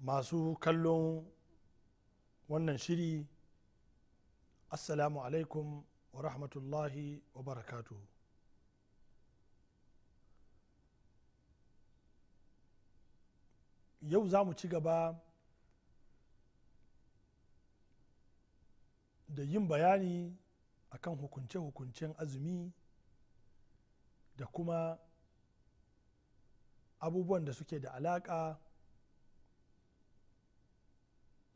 masu kallon wannan shiri assalamu alaikum wa rahmatullahi wa barakatu yau za mu ci gaba da yin bayani akan hukunce-hukuncen azumi da kuma abubuwan da suke da alaƙa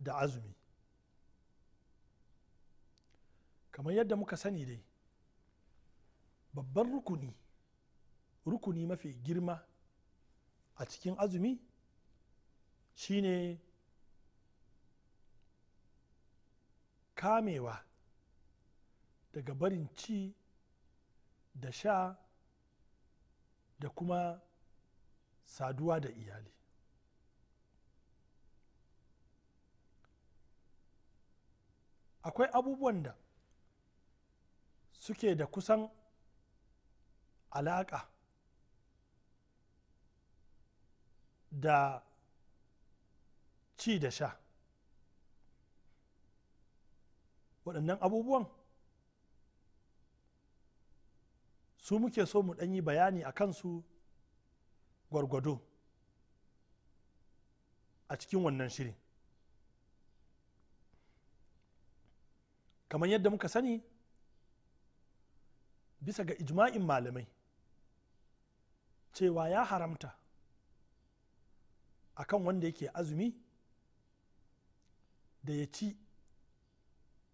da azumi kamar yadda muka sani dai babban rukuni rukuni mafi girma a cikin azumi shine kamewa daga barin ci da sha da kuma saduwa da iyali akwai abubuwan da suke da kusan alaƙa da ci da sha waɗannan abubuwan su muke so mu ɗanyi bayani a kansu gwargwado a cikin wannan shirin kamar yadda muka sani bisa ga ijma'in malamai cewa ya haramta akan wanda yake azumi da ya ci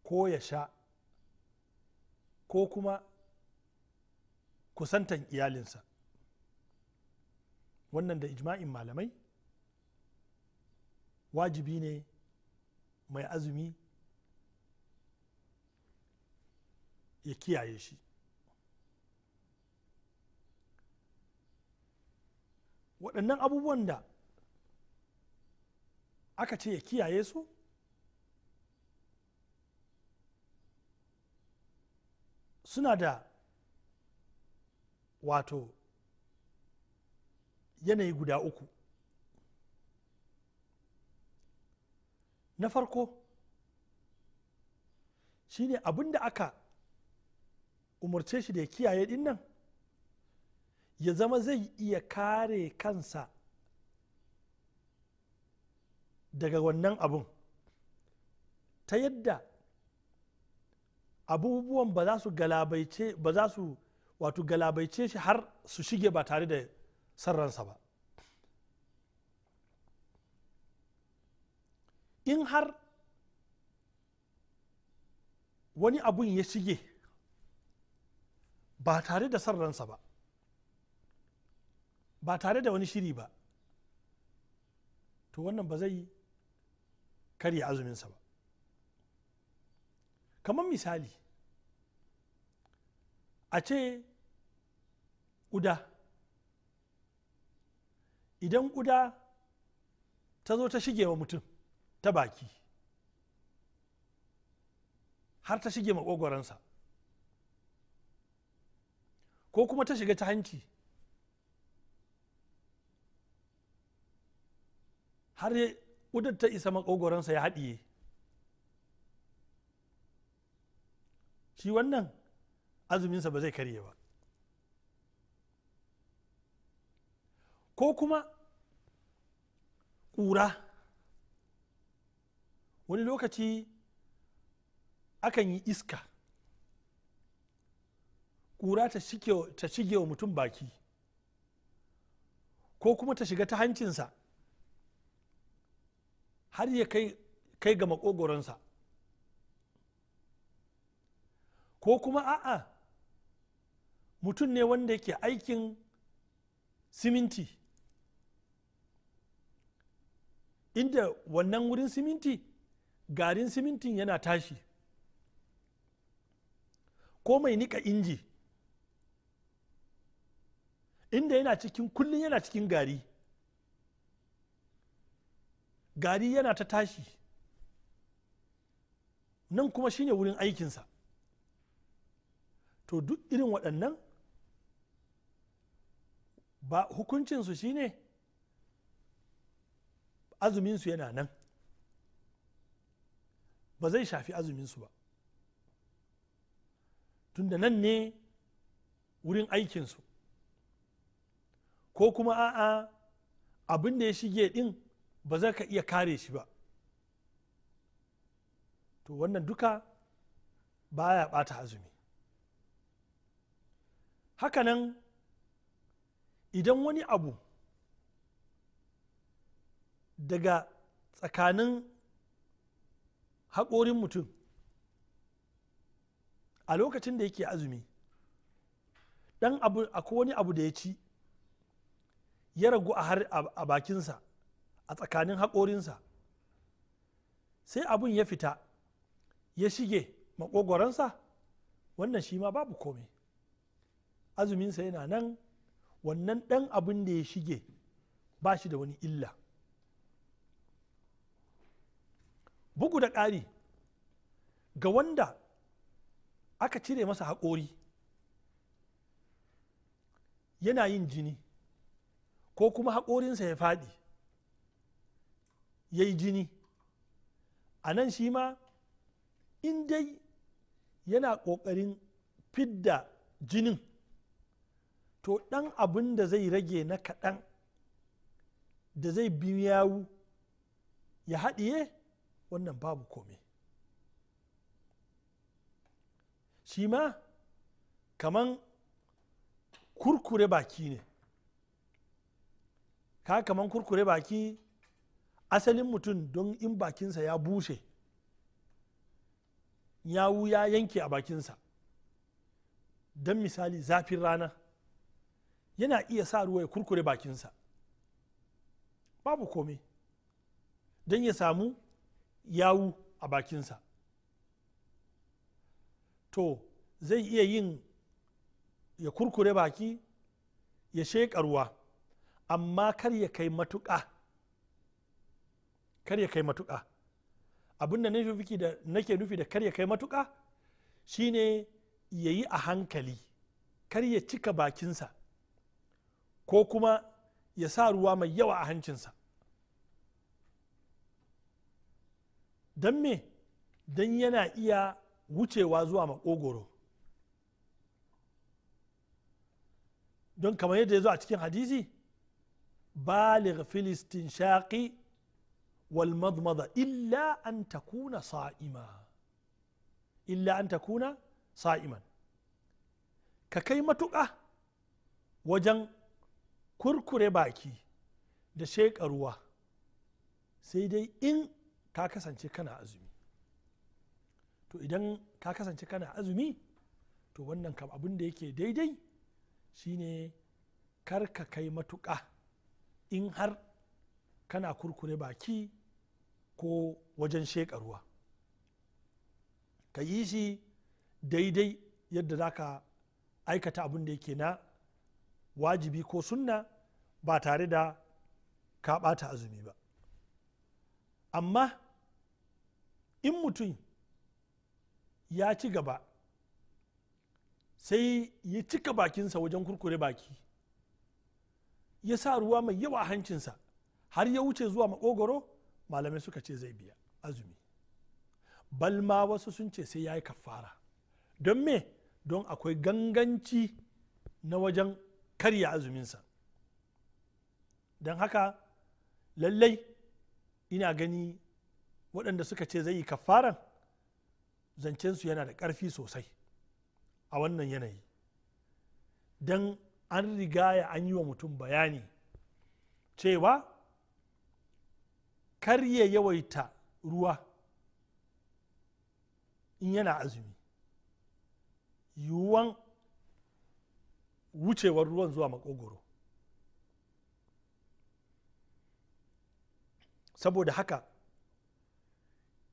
ko ya sha ko kuma kusantan iyalinsa wannan da ijma'in malamai wajibi ne mai azumi ya kiyaye shi waɗannan abubuwan da aka ce ya kiyaye su suna da wato yanayi guda uku na farko shine abin da aka umarce shi da ya kiyaye din ya zama zai iya kare kansa daga wannan abun ta yadda abubuwan ba za su galabaice ba za su wato galabaice shi har su shige ba tare da sarransa ba in har wani abun ya shige ba tare da son ransa ba ba tare da wani shiri ba to wannan ba zai karya azuminsa ba kamar misali a ce uda. idan uda ta zo ta shige wa mutum ta baki har ta shige maƙogwaransa ko kuma ta shiga ta hanci har ya ƙudar ta isa makogoransa ya haɗiye shi wannan azuminsa ba zai karye ba ko kuma ƙura wani lokaci akan yi iska kura ta shige wa mutum baki ko kuma ta shiga ta hancinsa har ya kai, kai ga makogoronsa ko kuma a'a mutum ne wanda yake aikin siminti inda wannan wurin siminti garin simintin yana tashi ko mai nika inji inda yana cikin kullum yana cikin gari gari yana ta tashi nan kuma shine wurin aikinsa to duk irin waɗannan ba hukuncinsu shine azuminsu yana nan ba zai shafi azuminsu ba tunda nan ne wurin aikinsu ko kuma a'a abin da ya shige din ba za ka iya kare shi ba to wannan duka baya bata azumi hakanan idan wani abu daga tsakanin haƙorin mutum a lokacin da yake azumi dan abu akwai wani abu da ya ci ya ragu a bakinsa a tsakanin haƙorinsa sai abun ya fita ya shige maƙogwaransa wannan shi ma babu komai azuminsa yana nan wannan ɗan abin da ya shige ba shi da wani illa bugu da ƙari ga wanda aka cire masa haƙori yana yin jini ko kuma haƙorinsa ya faɗi ya yi jini a nan shi ma in dai yana ƙoƙarin fidda jinin to ɗan abin da zai rage na kaɗan da zai bi yawu ya haɗiye wannan babu komai shi ma kaman kurkure baki ne ka kaman kurkure baki asalin mutum don in bakinsa ya bushe yawu ya yanke a bakinsa don misali zafin rana yana iya sa ruwa ya kurkure bakinsa babu komai don ya samu yawu a bakinsa to zai iya yin ya kurkure baki ya sheƙa ruwa amma kar ya kai matuƙa kar ya kai matuka abinda nake nufi da kar ya kai matuƙa shine ya yi a hankali kar ya cika bakinsa ko kuma ya sa ruwa mai yawa a hancinsa don me don yana iya wucewa zuwa makogoro don kamar yadda ya zo a cikin hadisi baligh Filistin shaƙi wal madmada illa an takuna sa'ima sa'iman ka kai matuƙa wajen kurkure baki da sheƙa ruwa sai dai in ka kasance kana azumi to idan ka kasance kana azumi to wannan kam abin da yake daidai shine kar ka kai matuƙa in har kana kurkure baki ko wajen sheƙa ruwa ka yi shi daidai yadda za ka aikata abin da yake na wajibi ko sunna ba tare da ka bata azumi ba amma in mutum ya ci gaba sai ya cika bakinsa wajen kurkure baki ya sa ruwa mai yawa a hancinsa har ya wuce zuwa makogoro malamai suka ce zai biya azumi balma wasu sun ce sai ya yi kafara don me don akwai ganganci na wajen karya azuminsa don haka lallai ina gani waɗanda suka ce zai yi kafaran zancensu yana da ƙarfi sosai a wannan yanayi don an rigaya an yi wa mutum bayani cewa kar yawaita ruwa in yana azumi yiwuwan wucewar ruwan zuwa makogoro saboda haka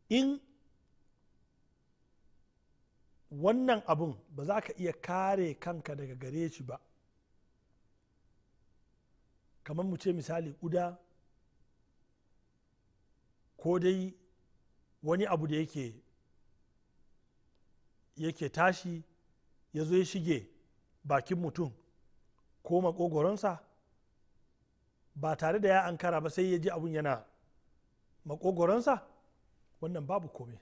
in wannan abun ba za ka iya kare kanka daga gare shi ba kamar mu ce misali guda ko dai wani abu da yake yake tashi ya zo ya shige bakin mutum ko makogoronsa ba tare da ya ankara ba sai ya ji abun yana makogoronsa wannan babu kome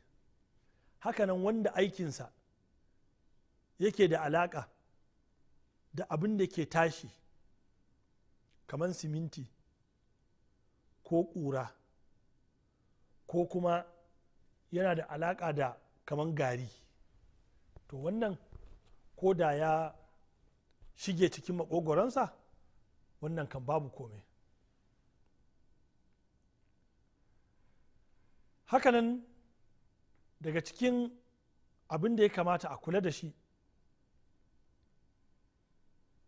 hakanan wanda aikinsa yake da alaka da abin da ke tashi kamar siminti ko ƙura ko kuma yana da alaƙa da kamar gari to wannan ko da ya shige cikin makogoronsa wannan kan babu komai hakanan daga cikin abin da ya kamata a kula da shi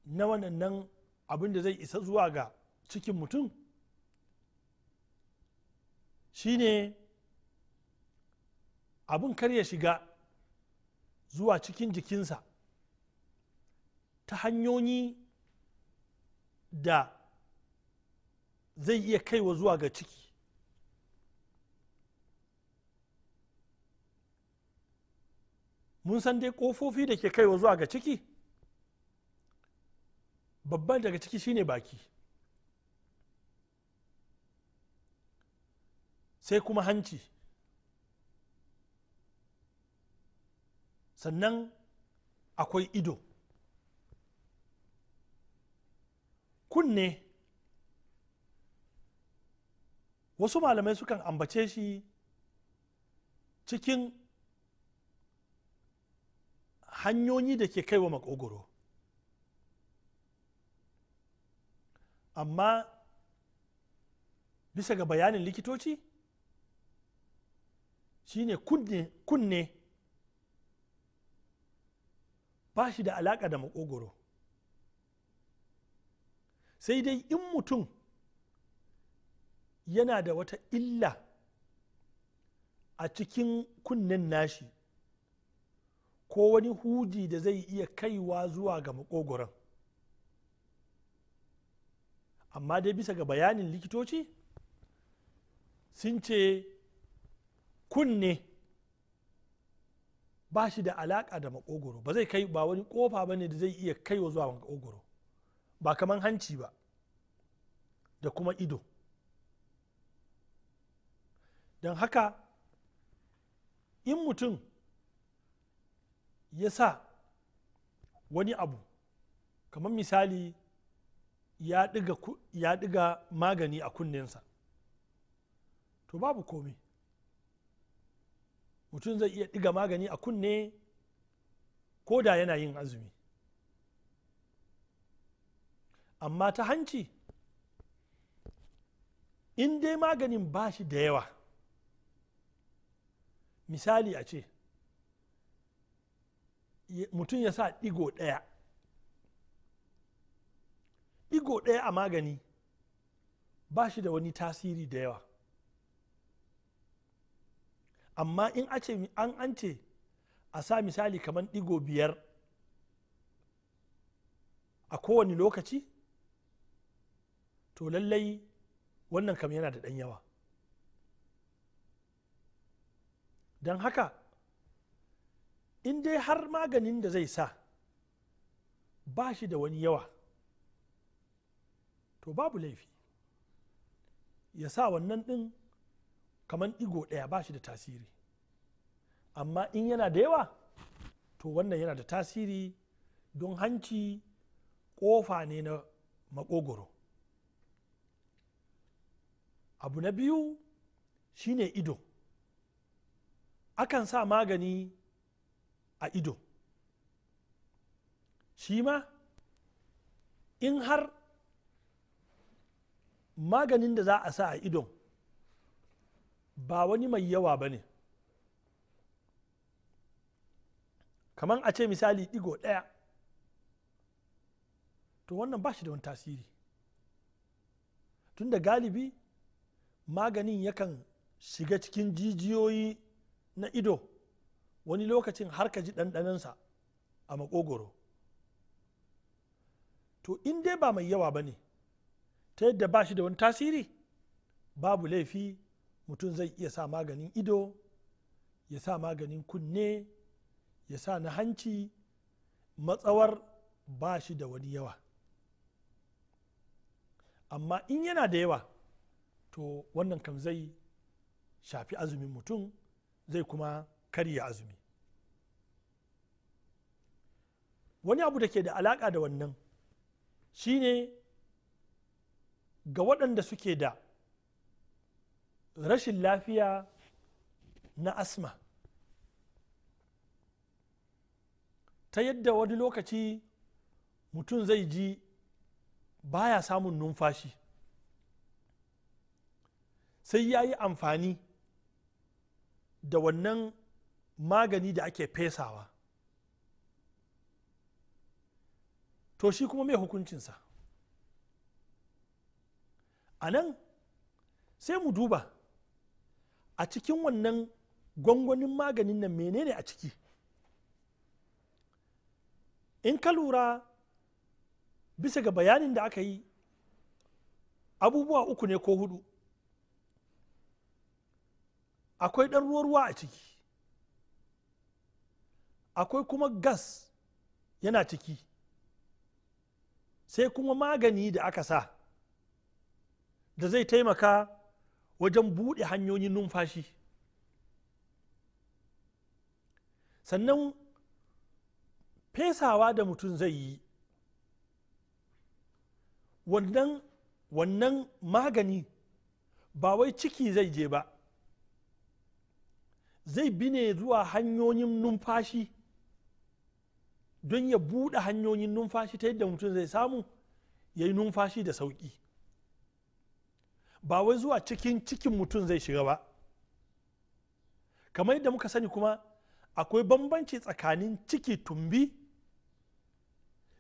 na wannan abin da zai isa zuwa ga cikin mutum shine abin kar ya shiga zuwa cikin jikinsa ta hanyoyi da zai iya kaiwa zuwa ga ciki mun san dai ƙofofi da ke kaiwa zuwa ga ciki babban daga ciki shine baki sai kuma hanci sannan akwai ido kunne wasu malamai sukan ambace shi cikin hanyoyi da ke kaiwa makogoro amma bisa ga bayanin likitoci shine kunne ba shi da alaƙa da makogoro sai dai in mutum yana da wata illa a cikin kunnen nashi ko wani huji da zai iya kaiwa zuwa ga makogoron amma dai bisa ga bayanin likitoci sun ce kunne ba shi da alaƙa da makogoro ba zai kai ba wani ƙofa ba ne da zai iya kaiwa zuwa makogoro ba kaman hanci ba da kuma ido don haka in mutum ya sa wani abu kamar misali ya ɗiga magani a kunninsa to babu komai mutum zai iya ɗiga magani a kunne ko da yana yin azumi amma ta hanci in dai maganin ba shi da yawa misali a ce mutum ya sa ɗigo ɗaya ɗigo ɗaya a magani ba shi da wani tasiri da yawa amma in an an ance a sa misali kamar ɗigo biyar a kowane lokaci to lallai wannan kam yana da ɗan yawa don haka in dai har maganin da zai sa ba shi da wani yawa to babu laifi ya sa wannan ɗin kamar ɗigo ɗaya ba shi da tasiri amma in yana da yawa to wannan yana da tasiri don hanci ƙofa ne na makogoro abu na biyu shine ido akan sa magani a ido shi ma in har maganin da za a sa a idon ba wani mai yawa ba ne kamar a ce misali igo ɗaya to wannan ba shi da wani tasiri tunda galibi maganin yakan shiga cikin jijiyoyi na ido wani lokacin har ka ji ɗanɗanansa a makogoro to in dai ba mai yawa ba ne ta yadda ba shi da wani tasiri babu laifi mutum zai iya sa maganin ido ya sa maganin kunne ya sa na hanci matsawar ba shi da wani yawa amma in yana da yawa to wannan kam zai shafi azumin mutum zai kuma karya azumi wani abu da ke da alaka da wannan shine ga waɗanda suke da rashin lafiya na asma ta yadda wani lokaci mutum zai ji baya samun numfashi sai ya yi amfani da wannan magani da ake fesawa to shi kuma mai hukuncinsa a nan sai mu duba a cikin wannan gwangwanin maganin nan menene a ciki in ka lura bisa ga bayanin da aka yi abubuwa uku ne ko hudu akwai ɗan ruwa a ciki akwai kuma gas yana ciki sai kuma magani da aka sa da zai taimaka wajen buɗe hanyoyin numfashi sannan fesawa da mutum zai yi wannan wannan magani ba wai ciki zai je ba zai bi ne zuwa hanyoyin numfashi don ya buɗe hanyoyin numfashi ta yadda mutum zai samu ya yi numfashi da sauƙi ba wai zuwa cikin cikin mutum zai shiga ba kamar yadda muka sani kuma akwai bambanci tsakanin ciki tumbi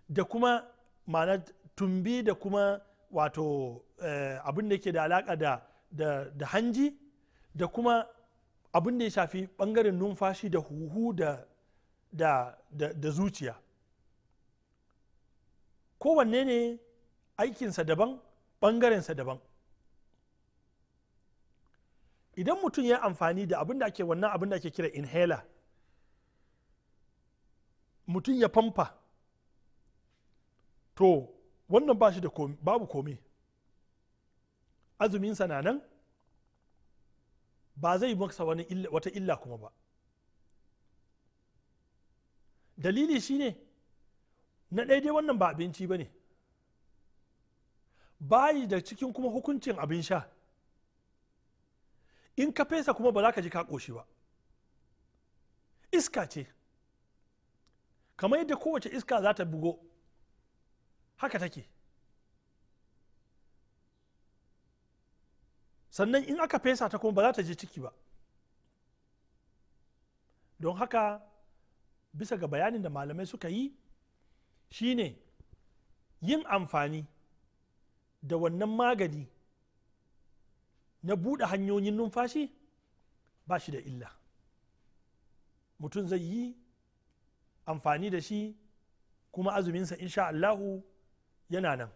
da kuma ma'ana tumbi da kuma wato eh, abin da yake da alaka da, da, da hanji da kuma abin da ya shafi bangaren numfashi da huhu da, da, da, da zuciya kowanne ne aikinsa daban bangarensa daban idan mutum ya amfani da abin da ake wannan abin da ake kira inhaler mutum ya famfa to wannan ba shi da babu komi azuminsa na nan ba zai masa wata illa kuma ba dalili shine na daidai wannan ba abinci ba ne bayi da cikin kuma hukuncin abin sha in ka fesa kuma ba za ka ji ka ƙoshi ba iska ce kamar yadda kowace iska za ta bugo haka take sannan in aka fesa ta kuma ba za ta ji ciki ba don haka bisa ga bayanin da malamai suka yi shine yin amfani da wannan magani na buɗe hanyoyin numfashi ba shi da illa mutum zai yi amfani da shi kuma azuminsa insha Allahu yana nan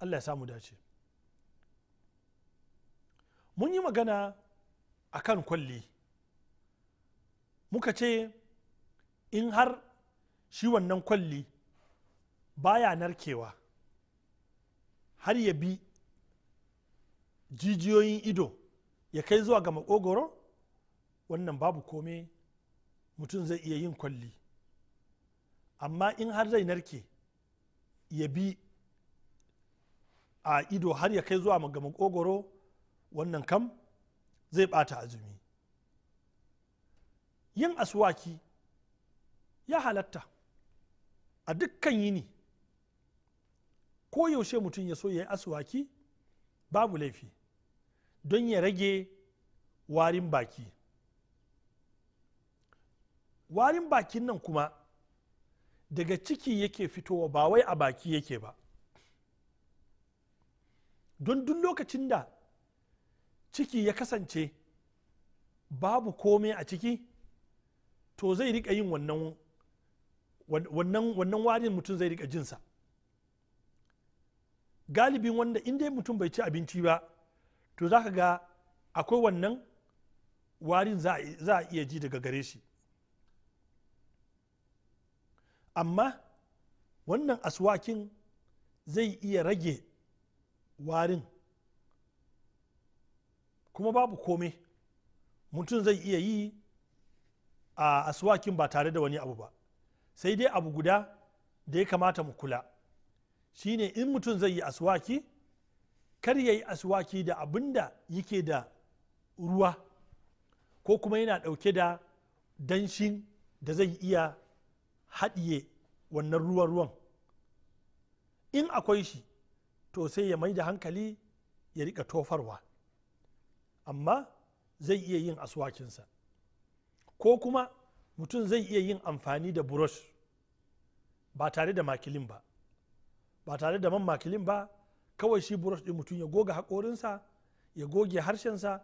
Allah ya samu dace mun yi magana a kan kwalli muka ce in har shi wannan kwalli baya narkewa har ya bi jijiyoyin ido ya kai zuwa ga makogoro wannan babu kome mutum zai iya yin kwalli amma in har zai narke ya bi a ido har ya kai zuwa ga makogoro wannan kam zai bata azumi yin aswaki ya halatta a dukkan yini ko yaushe mutum ya so ya yi aswaki babu laifi don ya rage warin baki warin bakin nan kuma daga ciki yake fitowa ba wai a baki yake ba don duk lokacin da ciki ya kasance babu komai a ciki to zai rika yin wannan wannan warin mutum zai rika jinsa galibin wanda inda mutum bai ci abinci ba to za ka ga akwai wannan warin za a iya ji daga gare shi amma wannan aswakin zai iya rage warin kuma babu kome mutum zai iya yi a aswakin ba tare da wani abu ba sai dai abu guda da ya kamata mu kula shine in mutum zai yi aswaki kar ya yi aswaki da abin da yake da ruwa ko kuma yana ɗauke da danshin da zai iya haɗiye wannan ruwan ruwan in akwai shi to sai ya mai da hankali ya rika tofarwa amma zai iya yin aswakinsa ko kuma mutum zai iya yin amfani da burush ba tare da makilin ba ba tare da man makilin ba kawai shi burush din mutum ya goga haƙorinsa ya goge harshensa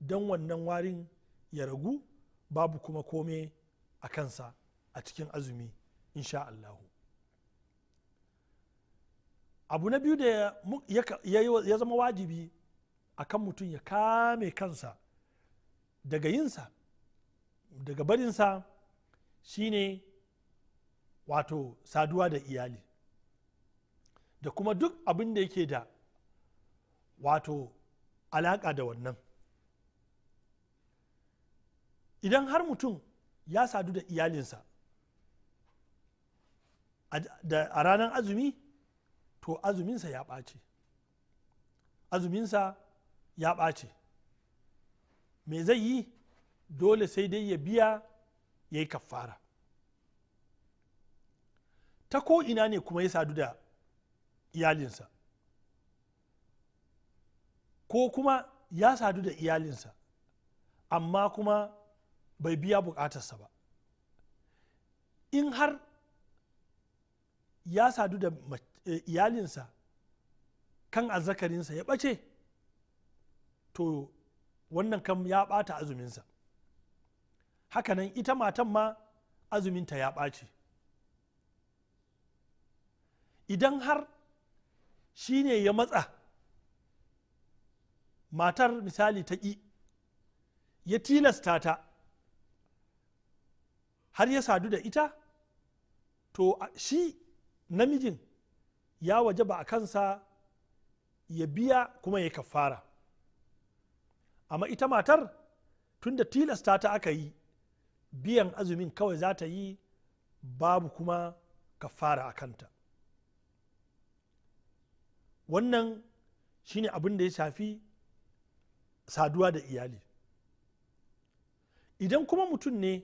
don wannan warin ya ragu babu kuma kome a kansa a cikin azumi insha Allahu abu na biyu da ya zama wajibi a kan mutum ya kame kansa daga yinsa daga barinsa shine wato saduwa da iyali da kuma duk abin da yake da wato alaƙa da wannan idan har mutum ya sadu da iyalinsa a ranar azumi to azuminsa ya ɓace azuminsa ya ɓace me zai yi dole sai dai ya biya ya yi kaffara ta ko ina ne kuma ya sadu da iyalinsa ko kuma ya sadu da iyalinsa amma kuma bai biya bukatarsa ba in har ya sadu da eh, iyalinsa kan azzakarinsa ya ɓace to wannan kan ya ɓata azuminsa hakanan ita matan ma azuminta ya ɓace idan har Shi ne ya matsa matar misali ta ƙi ya tilasta ta har ya sadu da ita to shi namijin ya waje ba a kansa ya biya kuma ya kafara amma ita matar tunda tilasta ta aka yi biyan azumin kawai za ta yi babu kuma kafara a kanta wannan shine abin da ya shafi saduwa da iyali idan kuma mutum ne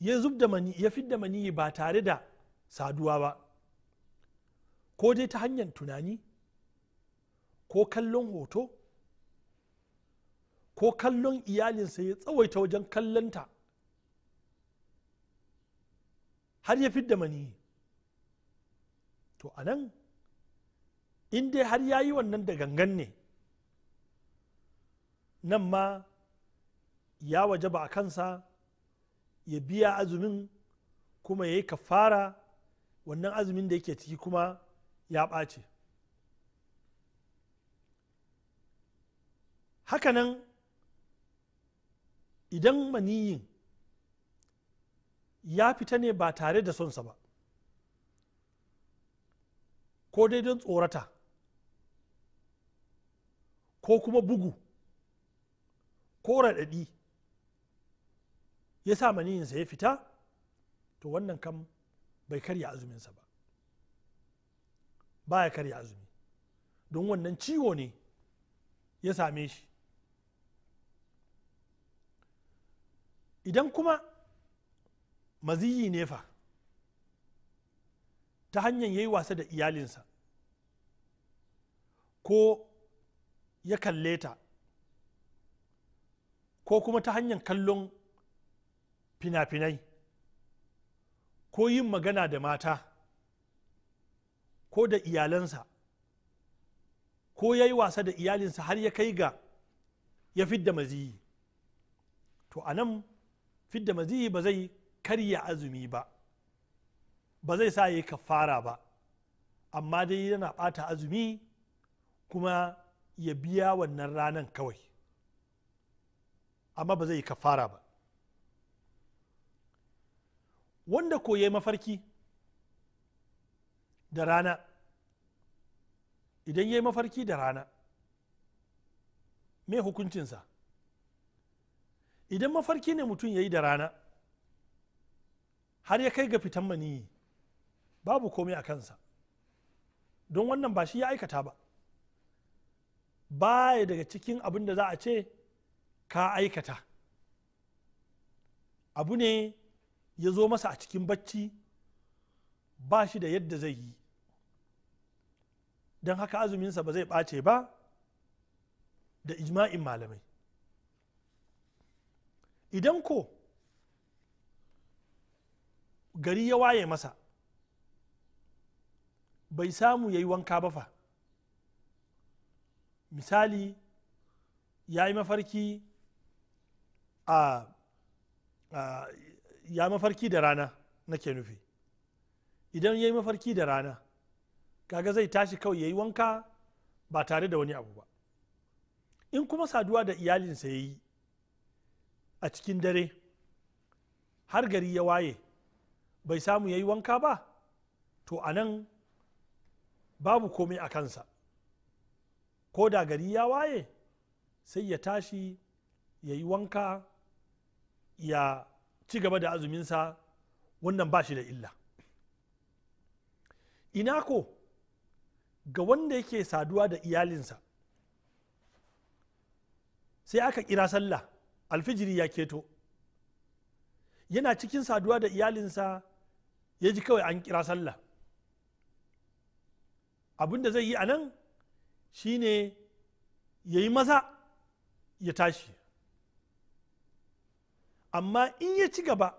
ya zub da mani ya fidda mani ba tare da saduwa ba ko dai ta hanyar tunani ko kallon hoto ko kallon iyalinsa ya tsawaita wajen kallonta har ya fidda mani to anan in dai har ya yi wannan da gangan ne nan ma ya waje ba a kansa ya biya azumin kuma ya yi kafara wannan azumin da yake ciki kuma ya ɓace hakanan idan maniyin ya fita ne ba tare da sonsa ba ko dai don tsorata ko kuma bugu ko raɗaɗi ya sa maniyinsa ya fita to wannan kam bai karya azuminsa ba ba ya karya azumi don wannan ciwo ne ya same shi idan kuma maziyi ne fa ta hanyar ya yi wasa da iyalinsa ko ya kalle ta ko kuma ta hanyar kallon fina-finai ko yin magana da mata ko da iyalansa ko ya yi wasa da iyalinsa har ya kai ga ya fidda maziyi to a nan fidda maziyi ba zai karya azumi ba ba zai sa ya yi kafara ba amma dai yana ɓata azumi kuma ya biya wannan ranan kawai amma ba zai yi kafara ba wanda ko ya mafarki da rana idan ya yi mafarki da rana me hukuncinsa idan mafarki ne mutum ya yi da rana har ya kai ga fitan maniyi babu komai a kansa don wannan ba shi ya aikata ba baya daga cikin abin da za a ce ka aikata abu ne ya zo masa a cikin bacci ba shi da yadda zai yi don haka azuminsa ba zai ɓace ba da ijma'in malamai idan ko gari ya waye masa bai samu ya yi wanka ba fa misali ya yi mafarki a ya mafarki da rana na ke nufi idan ya yi mafarki da rana kaga zai tashi kawai ya yi wanka ba tare da wani abu ba in kuma saduwa da iyalinsa ya yi a cikin dare har gari ya waye bai samu ya yi wanka ba to anan babu komai a kansa ko da gari ya waye sai ya tashi ya yi wanka ya ci gaba da azuminsa wannan ba shi da illa ina ko ga wanda yake saduwa da iyalinsa sai aka kira sallah alfijiri ya keto yana cikin saduwa da iyalinsa ya ji kawai an kira sallah abinda zai yi a nan shine ya yi maza ya tashi amma in ya ci gaba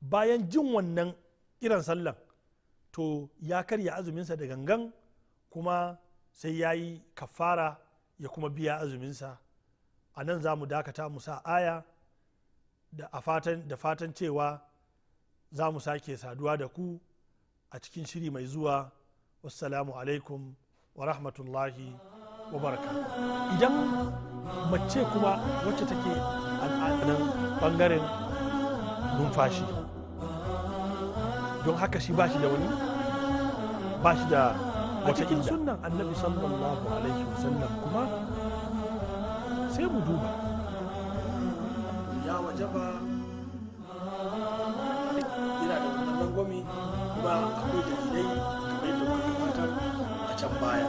bayan jin wannan kiran sallan to ya karya azuminsa da gangan kuma sai ya yi kafara ya kuma biya azuminsa a nan za mu dakata mu sa aya da fatan cewa za mu sake saduwa da ku a cikin shiri mai zuwa wassalamu alaikum wa rahmatullahi wa baraka idan mace kuma wacce take al'adunan bangaren numfashi don haka shi ba shi da wani ba shi da wata cikin sunan annabi sallallahu alaihi wasallam kuma sai mu duba ya wajaba yana da wannan gomi ba akwai dalilai baya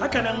hakanan